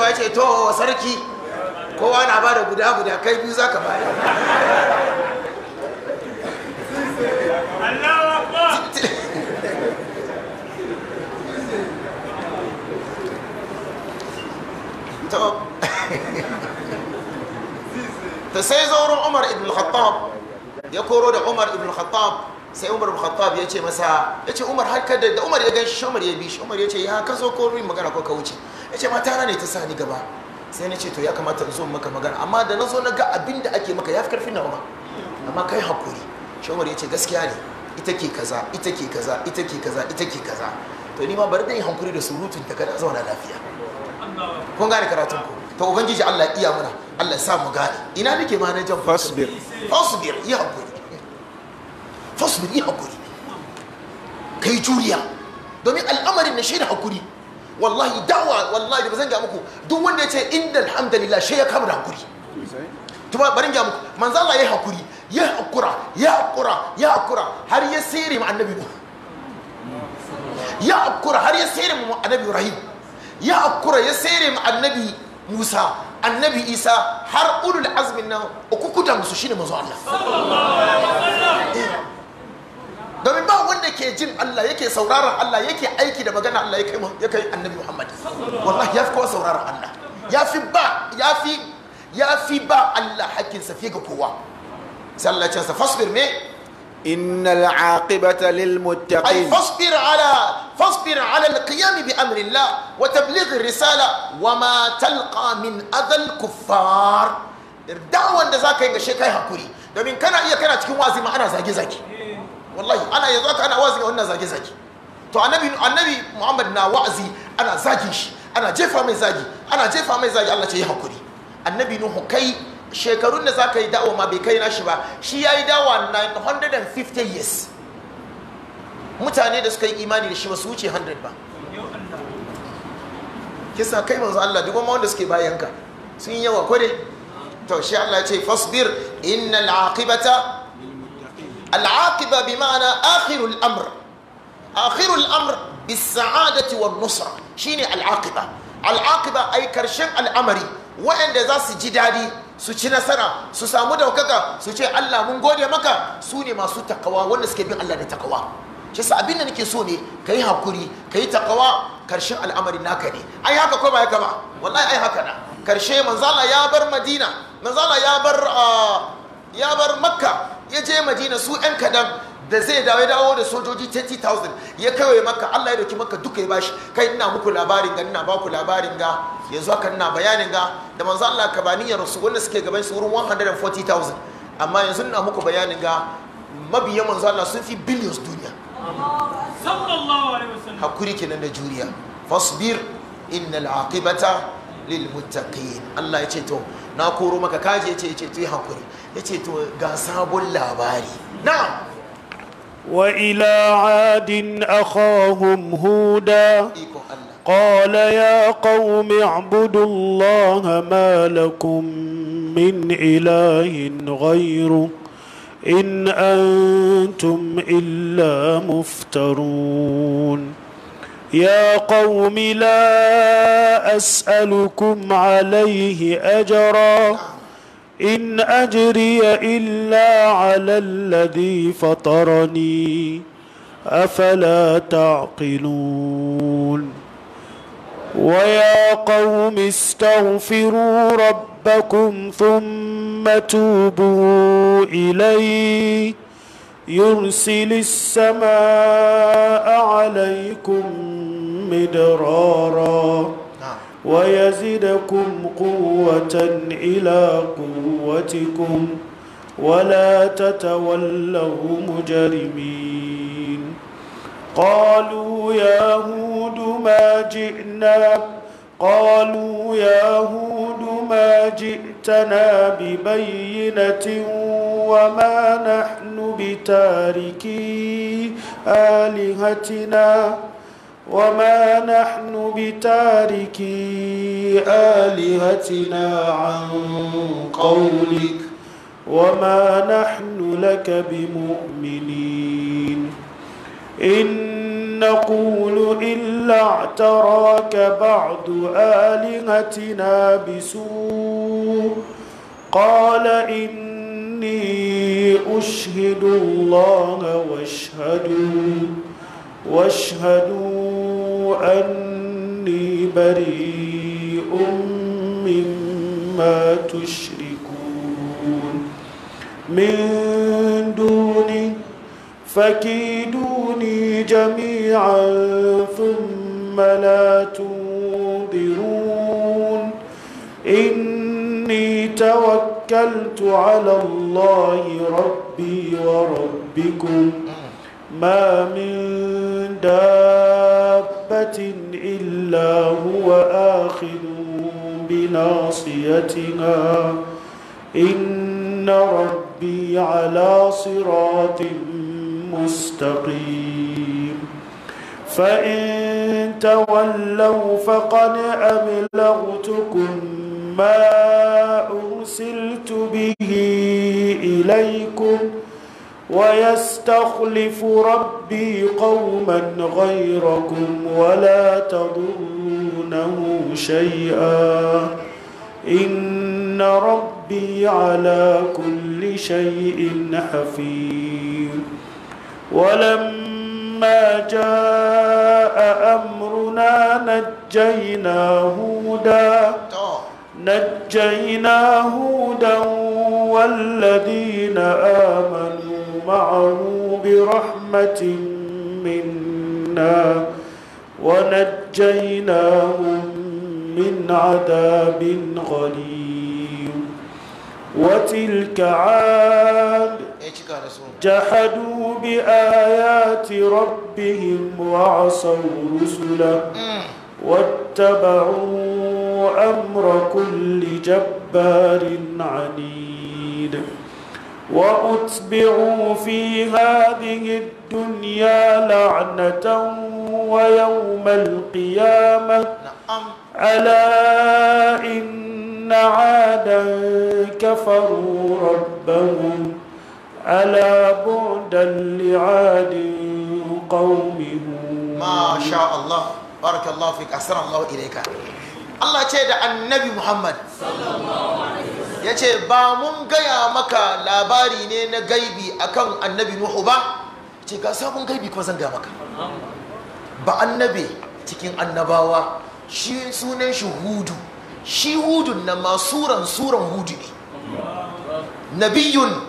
zuwa ce to sarki kowa na ba da guda guda kai biyu za ka bayar ta sai zaurin umar ibn khattab ya koro da umar ibn khattab sai umar khattab ya ce masa ya ce umar harkar da umar ya gan shi umar ya bi shi umar ya ce ya ka zo ko magana ko ka wuce ya ce matana ne ta sa ni gaba sai na ce to ya kamata zo maka magana amma da na zo na ga abin da ake maka ya fi karfin nawa amma kai hakuri shawar ya ce gaskiya ne ita ke kaza ita ke kaza ita ke kaza ita ke kaza to ni ma bari da hankuri da surutun ta kada zauna lafiya kun gane karatun ku to ubangiji Allah ya iya mana Allah ya sa mu gane ina nake ma na jan fasbir fasbir yi hakuri fasbir yi hakuri kai juriya domin al'amarin na shaida hakuri wallahi dawa wallahi da ba zan ga muku duk wanda ya ce inda alhamdulillah shi ya kama da hakuri tuma barin ga muku manzo Allah ya hakuri ya hakura ya hakura ya hakura har ya sirri mu annabi ku ya hakura har ya sirri mu annabi Ibrahim ya hakura ya sirri mu annabi Musa annabi Isa har ulul azmin nan kutan su shine manzo Allah sallallahu alaihi wasallam eh. domin ba wanda ke jin Allah yake sauraron Allah yake aiki da magana Allah ya kai annabi Muhammad wallahi ya fi kowa sauraron Allah ya fi ba ya fi ya fi ba Allah hakkin fiye ga kowa sai Allah ya ce fasbir me innal aqibata lil muttaqin fasbir ala fasbir ala al qiyam bi amri Allah wa tabligh risala wa ma talqa min adal kuffar da'awan zaka yi ga shekai hakuri domin kana iya kana cikin wazi ma ana zage zage wallahi ana yanzu aka ana wa'azi ga wannan zage zage to annabi annabi Muhammad na wa'azi ana zagin shi ana jefa mai zagi ana jefa mai zagi Allah ce yi hakuri annabi Nuhu kai shekarun da zaka yi da'awa ma bai kai na shi ba shi yayi da'awa 950 years mutane da suka yi imani da shi ba su wuce 100 ba kisa kai manzo Allah duk wanda suke bayanka sun yawa kware to shi Allah ya ce fasbir innal aqibata al'aqiba bi ma'ana akhirul amr akhirul amr bis Musa wan nusra shine al'aqiba al'aqiba ai karshen al'amari waɗanda za su ji daɗi su ci nasara su samu daukaka su ce Allah mun gode maka su ne masu takawa wanda suke bin Allah da takawa shi sa abin da nake so ne ka yi hakuri ka yi takawa karshen al'amarin naka ne ai haka ko ba haka ba wallahi ai haka na karshe manzala ya bar madina manzala ya bar ya bar makka ya je madina su 'yan kadan da zai dawo ya da sojoji 30,000 ya kawai Makka Allah ya doki Makka duka ya bashi kai ina muku labarin ga ina baku labarin ga yanzu haka ina bayanin ga da manzo Allah ka bani ya rasu wanda suke gaban su wurin 140,000 amma yanzu ina muku bayanin ga mabiyan manzo Allah sun fi billions duniya hakuri kenan da juriya fasbir innal aqibata lil muttaqin Allah ya ce to na koro maka kaje ya ce ya ce hakuri yace to ga sabon labari na'am وإلى عاد أخاهم huda قال يا قوم اعبدوا الله ما لكم من إله غيره إن أنتم إلا مفترون يا قوم لا أسألكم عليه أجراً إن أجري إلا على الذي فطرني أفلا تعقلون ويا قوم استغفروا ربكم ثم توبوا إليه يرسل السماء عليكم مدرارا ويزدكم قوة إلى قوتكم ولا تتولوا مجرمين قالوا يا هود ما جئنا قالوا يا هود ما جئتنا ببينة وما نحن بتاركي آلهتنا وما نحن بتاركي آلهتنا عن قولك وما نحن لك بمؤمنين إن نقول إلا اعتراك بعض آلهتنا بسوء قال إني أشهد الله واشهدوا واشهدوا أني بريء مما تشركون من دوني فكيدوني جميعا ثم لا تنظرون إني توكلت على الله ربي وربكم ما من دابة إلا هو آخذ بناصيتها إن ربي على صراط مستقيم فإن تولوا فقد أبلغتكم ما أرسلت به إليكم ۖ ويستخلف ربي قوما غيركم ولا تضرونه شيئا إن ربي على كل شيء حفيظ ولما جاء أمرنا نجينا هودا نجينا هودا والذين آمنوا معه برحمة منا ونجيناهم من عذاب غليظ وتلك عاد جحدوا بآيات ربهم وعصوا رسله واتبعوا أمر كل جبار عنيد وأتبعوا في هذه الدنيا لعنة ويوم القيامة نعم. ألا إن عادا كفروا ربهم ألا بعدا لعاد قومه ما شاء الله بارك الله فيك أسر الله إليك Allah ce da annabi Muhammad ya ce ba mun gaya maka labari ne na gaibi akan annabi Nuhu ba ce ga sabon gaibi kuma zan gaya maka ba annabi cikin annabawa shi sunan shi hudu shi hudun na masuran suran hudu ne nabiyun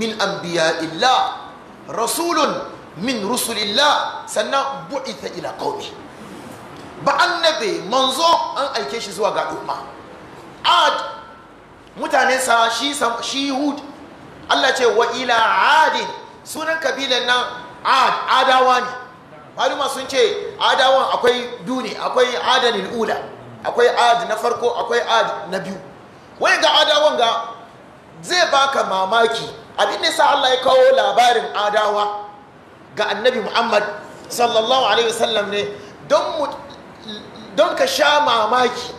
min illa, rasulun min rusulillah sannan bu'ita ila qaumi ba annabe manzo an aike shi zuwa ga al'umma ad mutanensa shi shi hud Allah ce wa ila adin sunan kabilan nan ad adawa ne maluma sun ce adawan akwai duni akwai adanil ula akwai ad na farko akwai ad na biyu wani ga adawan ga zai baka mamaki abin da sa Allah ya kawo labarin adawa ga annabi Muhammad sallallahu alaihi wasallam ne don don ka sha mamaki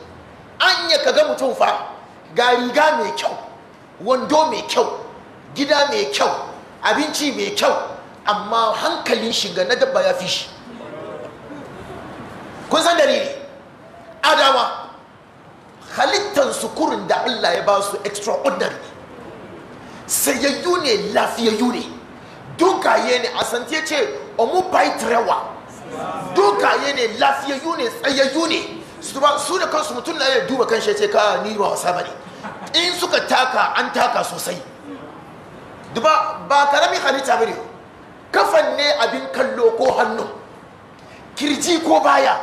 anya ka ga mutum fa ga riga mai kyau wando mai kyau gida mai kyau abinci mai kyau amma hankalin shiga na dabba ya fi shi kun san dalili adama halittar sukurin da Allah ya ba su extraordinary sayayyu ne lafiyayyu ne dukaye ne a sante ce omu bai trewa dokaye ne lafiyayyu ne tsayayyu ne su da kansu mutum na yi duba kan shece ka ni ba wasa ba ne in suka taka an taka sosai duba ba karami halitta bane kafan ne abin kallo ko hannu kirji ko baya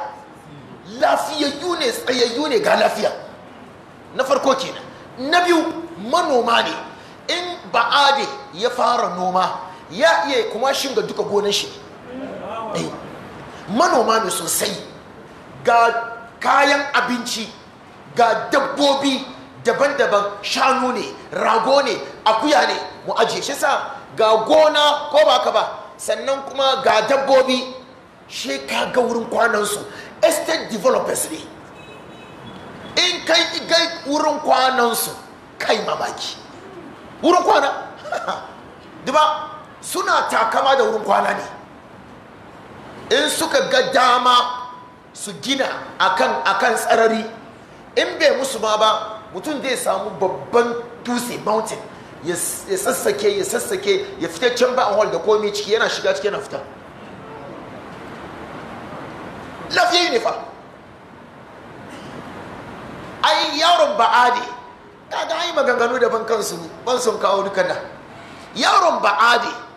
lafiyayyu ne tsayayyu ne ga lafiya na farko kenan na biyu manoma ne in ba'ade ya fara noma ya iya kuma shinga duka gonan shi eh, manoma ne sosai ga kayan abinci ga dabbobi daban-daban shanu ne rago ne akuya ne mu ajiye shi sa ga gona ko ba ka ba sannan kuma ga dabbobi shi ka ga wurin kwanansu estate developers ne in kai ga wurin kwanansu kai mamaki wurin kwana duba suna takama da wurin kwana ne in suka ga dama su gina akan akan tsarari in bai musu ma ba mutum zai samu babban dutse mountain ya sassake ya sassake ya fita can ba hall da komai ciki yana shiga ciki yana fita lafiya yi fa ai yaron ba'adi kaga ai maganganu ban kansu ban sun kawo duka da yaron ba'ade.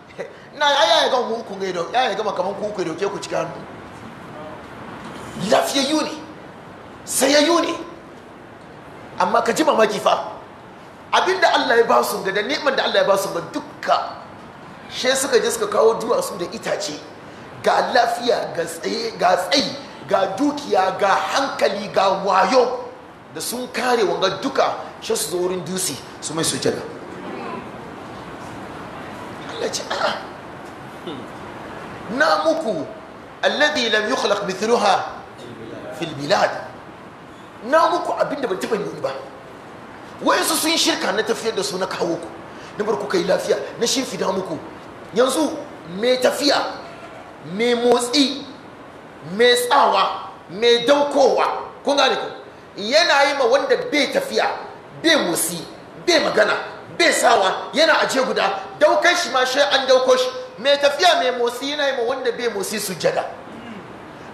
na ya ya ga ku ga do ya ya ga kaman ku ku doke ku cika hannu yuni ne ya ne amma ka ji mamaki fa abinda Allah ya ba su ga da ni'imar da Allah ya ba su ga dukka she suka je suka kawo duwatsu da itace ga lafiya ga tsaye ga tsayi ga dukiya ga hankali ga wayo da sun kare wanga duka shi su zo wurin dusi su mai sujada Allah ce a'a na muku alladhi lam yukhlaq mithluha fil bilad abinda ban taba yi ba wayansu sun shirka na tafiyar da su na kawo ku na bar kuka yi lafiya na shimfida muku yanzu mai tafiya mai motsi mai tsawa mai daukowa kun gane ku yana yi ma wanda bai tafiya bai motsi bai magana bai sawa yana aje guda daukan shi ma shi an dauko shi mai tafiya mai motsi yana yi ma wanda bai motsi sujada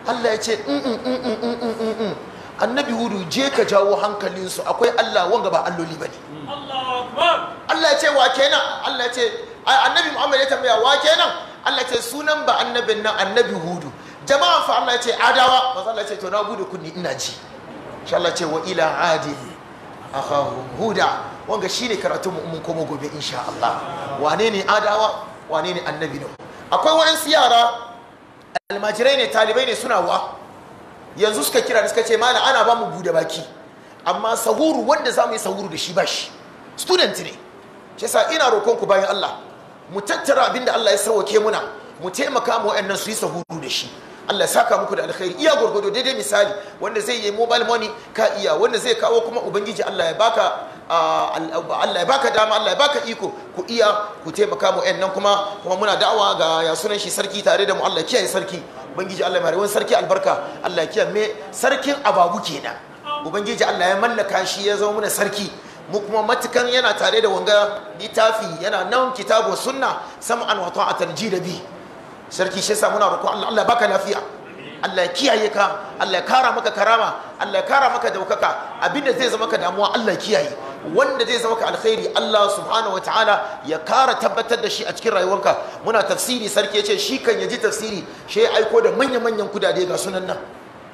Allah ya ce mm, mm, mm, annabi hudu je ka jawo hankalinsu akwai Allah wanga ba alloli ba ne Allah ya ce wa kenan Allah ya ce annabi Muhammad ya tambaya wa kenan Allah ya ce sunan ba annabin nan annabi hudu jama'a fa Allah ya ce adawa maza Allah ya ce to na bude kunni ina ji insha Allah ya ce wa ila adil akahu huda wanga shine karatu mu mun komo gobe insha Allah wane ne adawa wane ne annabi ne akwai waɗansu yara almajirai ne talibai ne suna wa yanzu suka kira da suka ce mana ana ba mu bude baki amma sahuru wanda za mu yi sahuru da shi ba shi student ne ce sa ina roƙon ku bayan Allah mu tattara abinda Allah ya sauke muna mu taimaka mu wa'annan su yi sahuru da shi Allah saka muku da alkhairi iya gurgudu daidai misali wanda zai yi mobile money ka iya wanda zai kawo kuma ubangiji Allah ya baka Allah ya baka dama Allah ya baka iko ku iya ku taimaka mu ƴan nan kuma kuma muna da'awa ga ya sunan shi sarki tare da mu Allah kiyaye sarki ubangiji Allah ya mare sarki albarka Allah ya kiyaye me sarkin ababu kenan ubangiji Allah ya mallaka shi ya zama muna sarki mu kuma matukan yana tare da wanga littafi yana nan kitabu sunna sam'an wa ta'atan jidabi sarki shi yasa muna roƙo Allah Allah baka lafiya Allah ya kiyaye ka Allah ya kara maka karama Allah ya kara maka daukaka abinda zai zama ka damuwa Allah ya kiyaye wanda zai zama ka alkhairi Allah subhanahu wataala ya kara tabbatar da shi a cikin rayuwarka muna tafsiri sarki yace shi kan yaji tafsiri shi ya aiko da manya manyan kudade ga sunan nan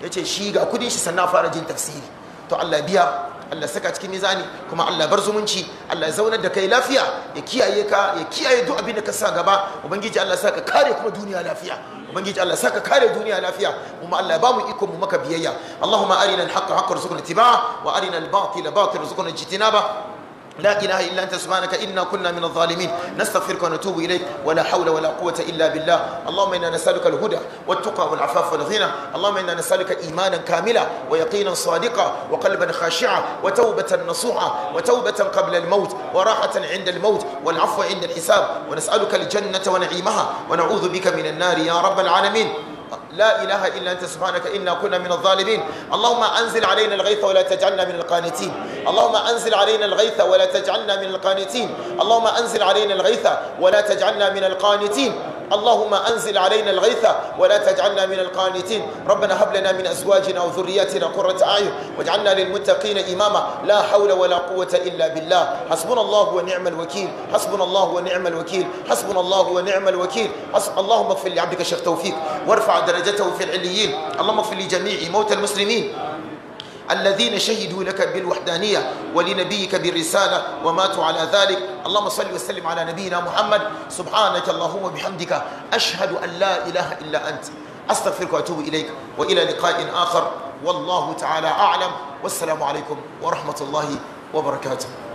yace shi ga kudin shi sannan fara jin tafsiri to Allah biya Allah saka cikin mizani kuma Allah bar zumunci Allah ya zaunar da kai lafiya ya kiyaye ka ya kiyaye duk abin da ka sa gaba ubangiji Allah saka kare kuma duniya lafiya ubangiji Allah saka kare duniya lafiya kuma Allah ya mu iko mu maka biyayya Allahumma arina al-haqqa haqqan warzuqna ba. wa arina al-batila batilan warzuqna ijtinaba لا إله إلا أنت سبحانك إنا كنا من الظالمين نستغفرك ونتوب إليك ولا حول ولا قوة إلا بالله اللهم إنا نسألك الهدى والتقى والعفاف والغنى اللهم إنا نسألك إيمانا كاملا ويقينا صادقا وقلبا خاشعا وتوبة نصوحا وتوبة قبل الموت وراحة عند الموت والعفو عند الحساب ونسألك الجنة ونعيمها ونعوذ بك من النار يا رب العالمين لا إله إلا أنت سبحانك إنا كنا من الظالمين اللهم أنزل علينا الغيث ولا تجعلنا من القانتين اللهم أنزل علينا الغيث ولا تجعلنا من القانتين اللهم أنزل علينا الغيث ولا تجعلنا من القانتين اللهم أنزل علينا الغيث ولا تجعلنا من القانتين ربنا هب لنا من أزواجنا وذرياتنا قرة أعين واجعلنا للمتقين إماما لا حول ولا قوة إلا بالله حسبنا الله ونعم الوكيل حسبنا الله ونعم الوكيل حسبنا الله ونعم الوكيل حسب اللهم اغفر لعبدك شيخ توفيق وارفع درجته في العليين اللهم اغفر لجميع موتى المسلمين الذين شهدوا لك بالوحدانية ولنبيك بالرسالة وماتوا على ذلك اللهم صل وسلم على نبينا محمد سبحانك اللهم وبحمدك أشهد أن لا إله إلا أنت أستغفرك وأتوب إليك وإلى لقاء آخر والله تعالى أعلم والسلام عليكم ورحمة الله وبركاته